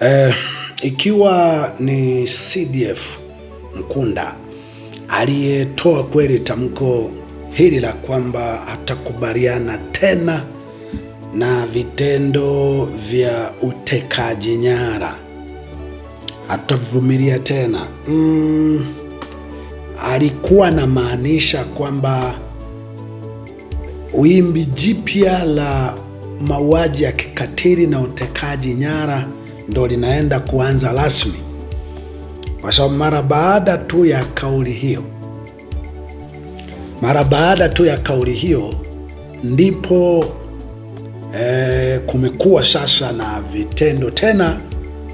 Eh, ikiwa ni CDF Mkunda aliyetoa kweli tamko hili la kwamba hatakubaliana tena na vitendo vya utekaji nyara, hatavumilia tena mm, alikuwa anamaanisha kwamba wimbi jipya la mauaji ya kikatili na utekaji nyara ndo linaenda kuanza rasmi, kwa sababu mara baada tu ya kauli hiyo, mara baada tu ya kauli hiyo ndipo e, kumekuwa sasa na vitendo tena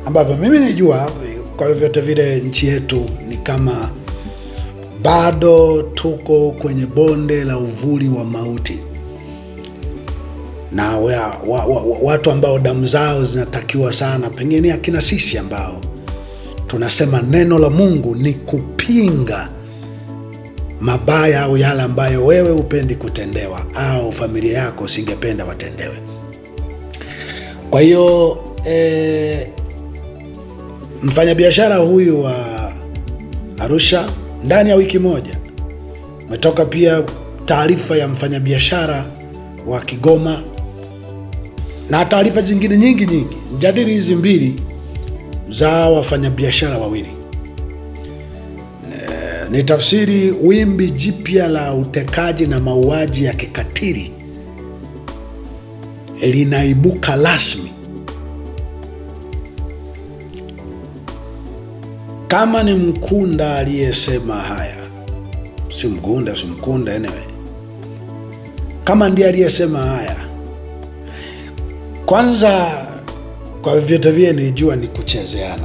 ambavyo mimi nijua kwa vyovyote vile nchi yetu ni kama bado tuko kwenye bonde la uvuli wa mauti na wa, wa, wa, watu ambao damu zao zinatakiwa sana, pengine akina sisi ambao tunasema neno la Mungu ni kupinga mabaya au yale ambayo wewe hupendi kutendewa au familia yako usingependa watendewe. Kwa hiyo e, mfanyabiashara huyu wa Arusha ndani ya wiki moja umetoka pia taarifa ya mfanyabiashara wa Kigoma na taarifa zingine nyingi nyingi. Jadili hizi mbili za wafanyabiashara wawili eh, ni tafsiri wimbi jipya la utekaji na mauaji ya kikatili linaibuka rasmi. Kama ni Mkunda aliyesema haya, si Mgunda, si Mkunda, anyway, kama ndiye aliyesema haya, kwanza kwa vyote vile nilijua ni kuchezeana,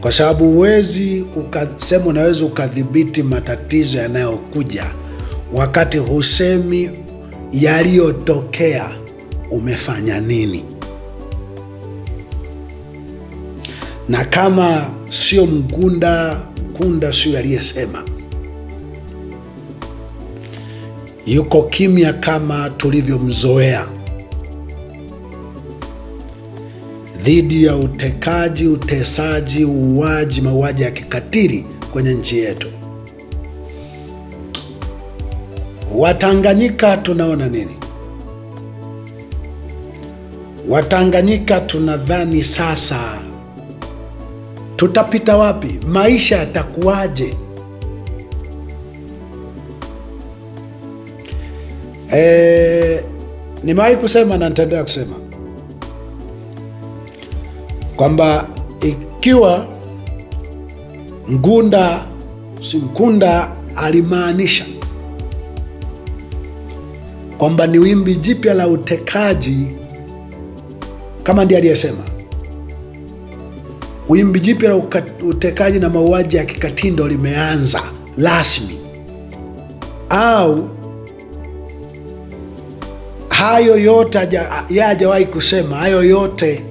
kwa sababu huwezi ukasema unaweza ukadhibiti matatizo yanayokuja wakati husemi yaliyotokea umefanya nini, na kama sio mkunda mkunda sio aliyesema yuko kimya kama tulivyomzoea dhidi ya utekaji, utesaji, uuaji, mauaji ya kikatili kwenye nchi yetu. Watanganyika tunaona nini? Watanganyika tunadhani sasa tutapita wapi? Maisha yatakuwaje? E, nimewahi kusema na nitaendelea kusema kwamba ikiwa Ngunda Simkunda alimaanisha kwamba ni wimbi jipya la utekaji, kama ndiye aliyesema, wimbi jipya la utekaji na mauaji ya kikatindo limeanza rasmi, au hayo yote yajawahi kusema hayo yote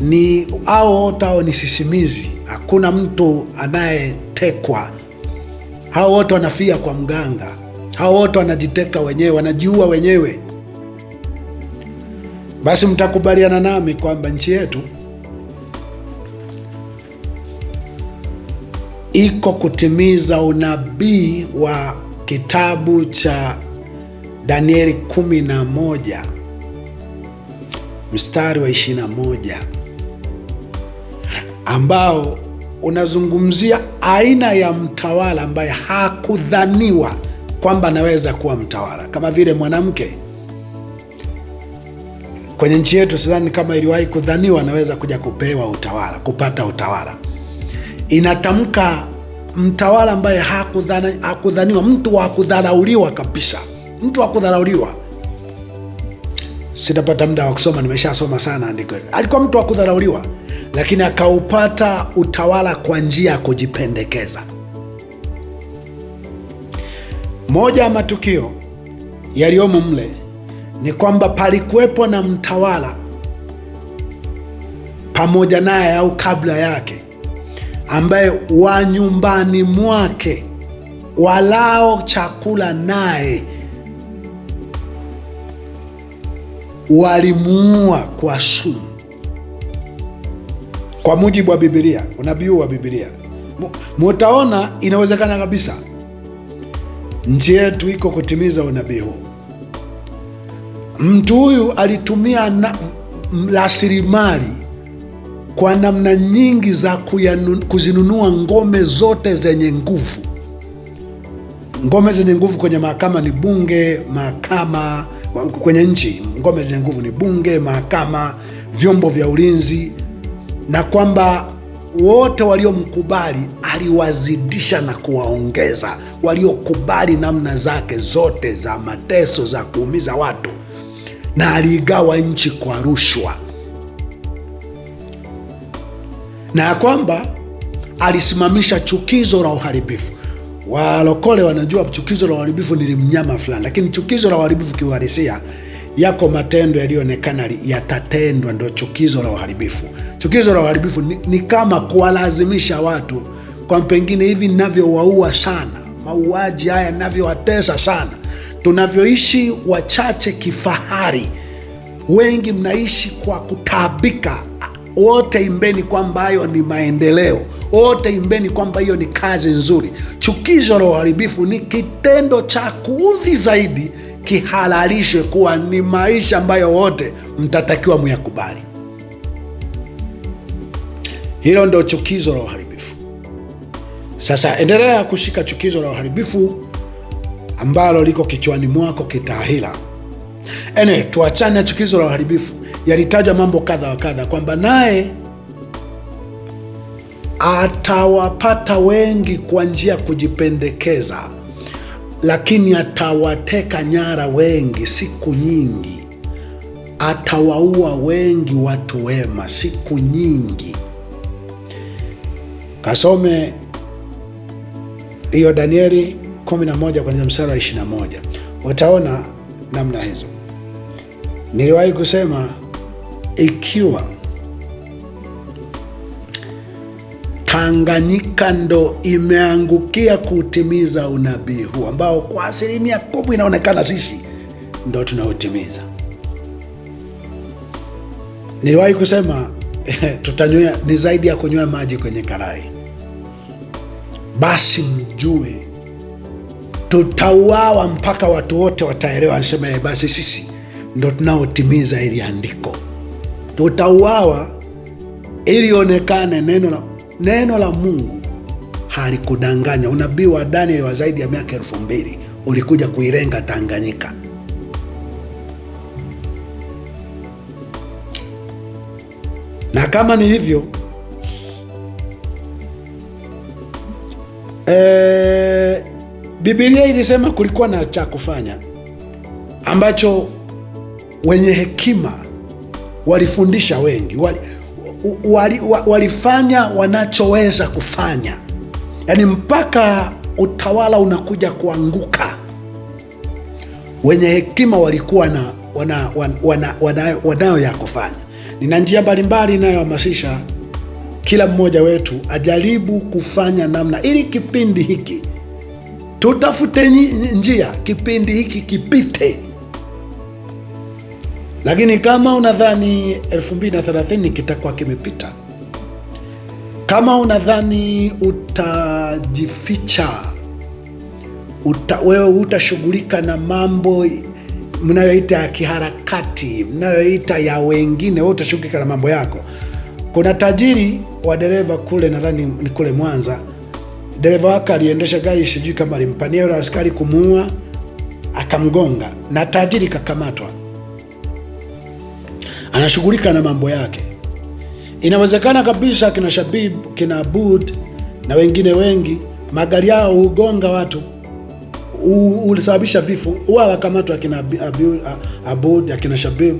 ni au wote hao ni sisimizi, hakuna mtu anayetekwa. Hao wote wanafia kwa mganga, hao wote wanajiteka wenyewe, wanajiua wenyewe. Basi mtakubaliana nami kwamba nchi yetu iko kutimiza unabii wa kitabu cha Danieli 11 mstari wa 21 ambao unazungumzia aina ya mtawala ambaye hakudhaniwa kwamba anaweza kuwa mtawala, kama vile mwanamke kwenye nchi yetu sidhani kama iliwahi kudhaniwa anaweza kuja kupewa utawala, kupata utawala. Inatamka mtawala ambaye hakudhani, hakudhaniwa, mtu wa kudharauliwa kabisa, mtu wa kudharauliwa. Sitapata muda wa kusoma, nimeshasoma sana andiko. Alikuwa mtu wa kudharauliwa lakini akaupata utawala kwa njia ya kujipendekeza. Moja ya matukio yaliyomo mle ni kwamba palikuwepo na mtawala pamoja naye au kabla yake, ambaye wa nyumbani mwake walao chakula naye walimuua kwa sumu kwa mujibu wa Bibilia, unabii wa Bibilia, mutaona inawezekana kabisa nchi yetu iko kutimiza unabii huu. Mtu huyu alitumia rasilimali kwa namna nyingi za kuzinunua ngome zote zenye nguvu. Ngome zenye nguvu kwenye mahakama ni bunge, mahakama kwenye nchi, ngome zenye nguvu ni bunge, mahakama, vyombo vya ulinzi na kwamba wote waliomkubali aliwazidisha na kuwaongeza, waliokubali namna zake zote za mateso za kuumiza watu, na aliigawa nchi kwa rushwa, na ya kwamba alisimamisha chukizo la uharibifu. Walokole wanajua chukizo la uharibifu ni mnyama fulani, lakini chukizo la uharibifu kiuharisia yako matendo yaliyoonekana yatatendwa, ndio chukizo la uharibifu. Chukizo la uharibifu ni, ni kama kuwalazimisha watu kwa pengine hivi ninavyowaua sana, mauaji haya ninavyowatesa sana, tunavyoishi wachache kifahari, wengi mnaishi kwa kutaabika. Wote imbeni kwamba hayo ni maendeleo, wote imbeni kwamba hiyo ni kazi nzuri. Chukizo la uharibifu ni kitendo cha kuudhi zaidi kihalalishe kuwa ni maisha ambayo wote mtatakiwa muyakubali. Hilo ndo chukizo la uharibifu. Sasa endelea kushika chukizo la uharibifu ambalo liko kichwani mwako kitahila. Ene, tuachane na chukizo la uharibifu. Yalitajwa mambo kadha wa kadha kwamba naye atawapata wengi kwa njia ya kujipendekeza lakini atawateka nyara wengi siku nyingi, atawaua wengi watu wema siku nyingi. Kasome hiyo Danieli 11 kwenye mstari wa 21, utaona namna hizo. Niliwahi kusema ikiwa Tanganyika ndo imeangukia kutimiza unabii huu ambao kwa asilimia kubwa inaonekana sisi ndo tunaotimiza Niliwahi kusema tutanywa ni zaidi ya kunywea maji kwenye karai. Basi mjue tutauawa mpaka watu wote wataelewa, anasema eh, basi sisi ndo tunaotimiza ili andiko, tutauawa ili onekane neno la Neno la Mungu halikudanganya. Unabii wa Danieli wa zaidi ya miaka elfu mbili ulikuja kuilenga Tanganyika. Na kama ni hivyo e, Biblia ilisema kulikuwa na cha kufanya ambacho wenye hekima walifundisha wengi wali, wali, walifanya wanachoweza kufanya, yaani mpaka utawala unakuja kuanguka. Wenye hekima walikuwa na wana, wana, wana, wana, wanayo ya kufanya. Nina njia mbalimbali inayohamasisha kila mmoja wetu ajaribu kufanya namna ili kipindi hiki tutafute njia, kipindi hiki kipite lakini kama unadhani 2030 kitakuwa kimepita, kama unadhani utajificha uta, wewe utashughulika na mambo mnayoita ya kiharakati, mnayoita ya wengine, wewe utashughulika na mambo yako. Kuna tajiri wa dereva kule, nadhani ni kule Mwanza, dereva wake aliendesha gari, sijui kama alimpania yule askari kumuua, akamgonga na tajiri kakamatwa anashughulika na mambo yake. Inawezekana kabisa kina Shabib, kina Abud na wengine wengi magari yao hugonga watu, ulisababisha vifo, huwa wakamatwa akina Abud, akina Shabib,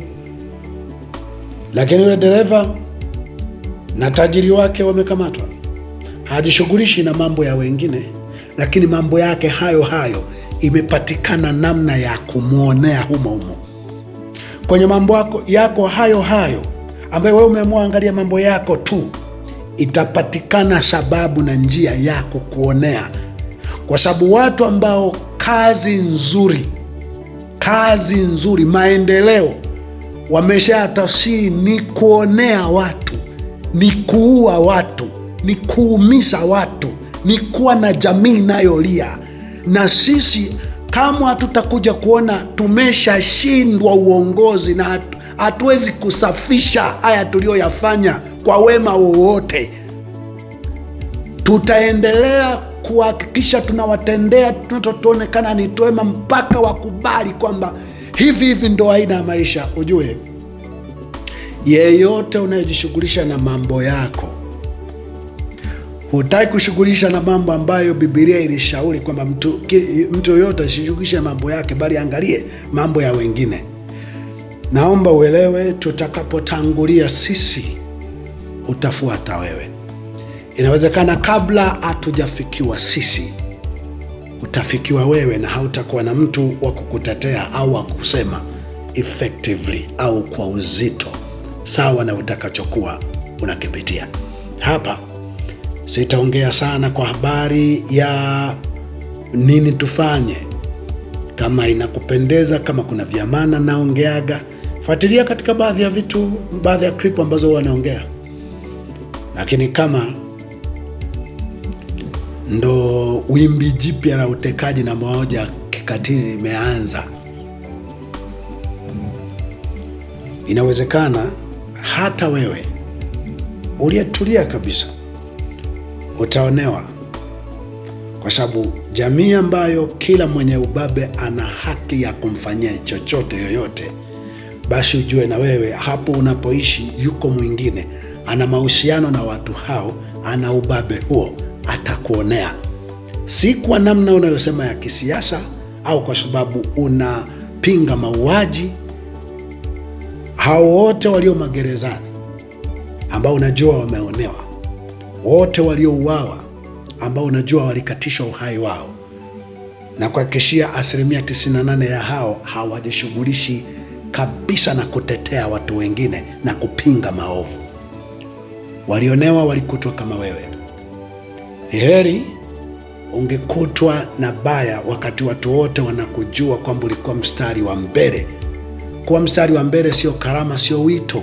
lakini yule dereva na tajiri wake wamekamatwa. Hajishughulishi na mambo ya wengine, lakini mambo yake hayo hayo imepatikana namna ya kumwonea humo humo kwenye mambo yako, yako hayo hayo ambayo wewe umeamua angalia mambo yako tu, itapatikana sababu na njia yako kuonea, kwa sababu watu ambao kazi nzuri kazi nzuri maendeleo wameshatafsiri ni kuonea watu, ni kuua watu, ni kuumiza watu, ni kuwa na jamii inayolia na sisi kama hatutakuja kuona tumeshashindwa uongozi na hatuwezi kusafisha haya tuliyoyafanya kwa wema wowote, tutaendelea kuhakikisha tunawatendea tunatotuonekana ni twema mpaka wakubali kwamba hivi hivi ndo aina ya maisha. Ujue yeyote unayejishughulisha na mambo yako Hutaki kushughulisha na mambo ambayo Biblia ilishauri kwamba mtu mtu yoyote asishughulishe mambo yake, bali angalie mambo ya wengine. Naomba uelewe, tutakapotangulia sisi utafuata wewe. Inawezekana kabla hatujafikiwa sisi utafikiwa wewe, na hautakuwa na mtu wa kukutetea au wa kusema effectively au kwa uzito sawa na utakachokuwa unakipitia hapa. Sitaongea sana kwa habari ya nini tufanye. Kama inakupendeza, kama kuna vyamana naongeaga, fuatilia katika baadhi ya vitu, baadhi ya clip ambazo huwa naongea, lakini kama ndo wimbi jipya la utekaji na mmoja kikatili limeanza, inawezekana hata wewe uliyetulia kabisa utaonewa, kwa sababu jamii ambayo kila mwenye ubabe ana haki ya kumfanyia chochote yoyote, basi ujue na wewe hapo unapoishi yuko mwingine ana mahusiano na watu hao, ana ubabe huo, atakuonea, si kwa namna unayosema ya kisiasa au kwa sababu unapinga mauaji. Hao wote walio magerezani ambao unajua wameonewa wote waliouawa ambao unajua walikatishwa uhai wao, na kuhakikishia asilimia 98 ya hao hawajishughulishi kabisa na kutetea watu wengine na kupinga maovu. Walionewa walikutwa kama wewe. Ni heri ungekutwa na baya wakati watu wote wanakujua kwamba ulikuwa mstari wa mbele. Kuwa mstari wa mbele sio karama, sio wito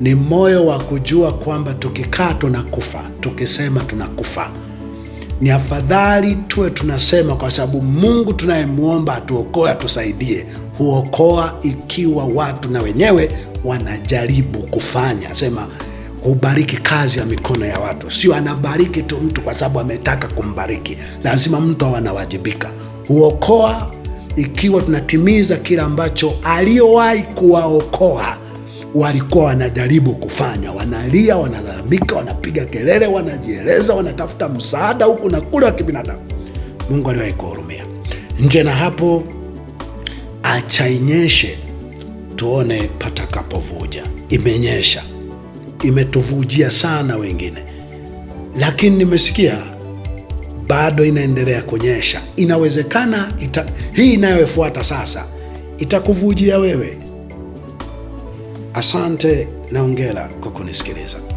ni moyo wa kujua kwamba tukikaa tunakufa, tukisema tunakufa. Ni afadhali tuwe tunasema, kwa sababu Mungu tunayemwomba atuokoe, atusaidie, huokoa ikiwa watu na wenyewe wanajaribu kufanya. Sema hubariki kazi ya mikono ya watu, sio anabariki tu mtu kwa sababu ametaka kumbariki. Lazima mtu awe anawajibika. Huokoa ikiwa tunatimiza kile ambacho aliyowahi kuwaokoa walikuwa wanajaribu kufanya. Wanalia, wanalalamika, wanapiga kelele, wanajieleza, wanatafuta msaada huku na kule wa kibinadamu. Mungu aliwahi kuwahurumia. Nje na hapo, achainyeshe tuone patakapovuja. Imenyesha, imetuvujia sana wengine, lakini nimesikia bado inaendelea kunyesha. Inawezekana ita, hii inayofuata sasa itakuvujia wewe. Asante na ongera kwa kunisikiliza.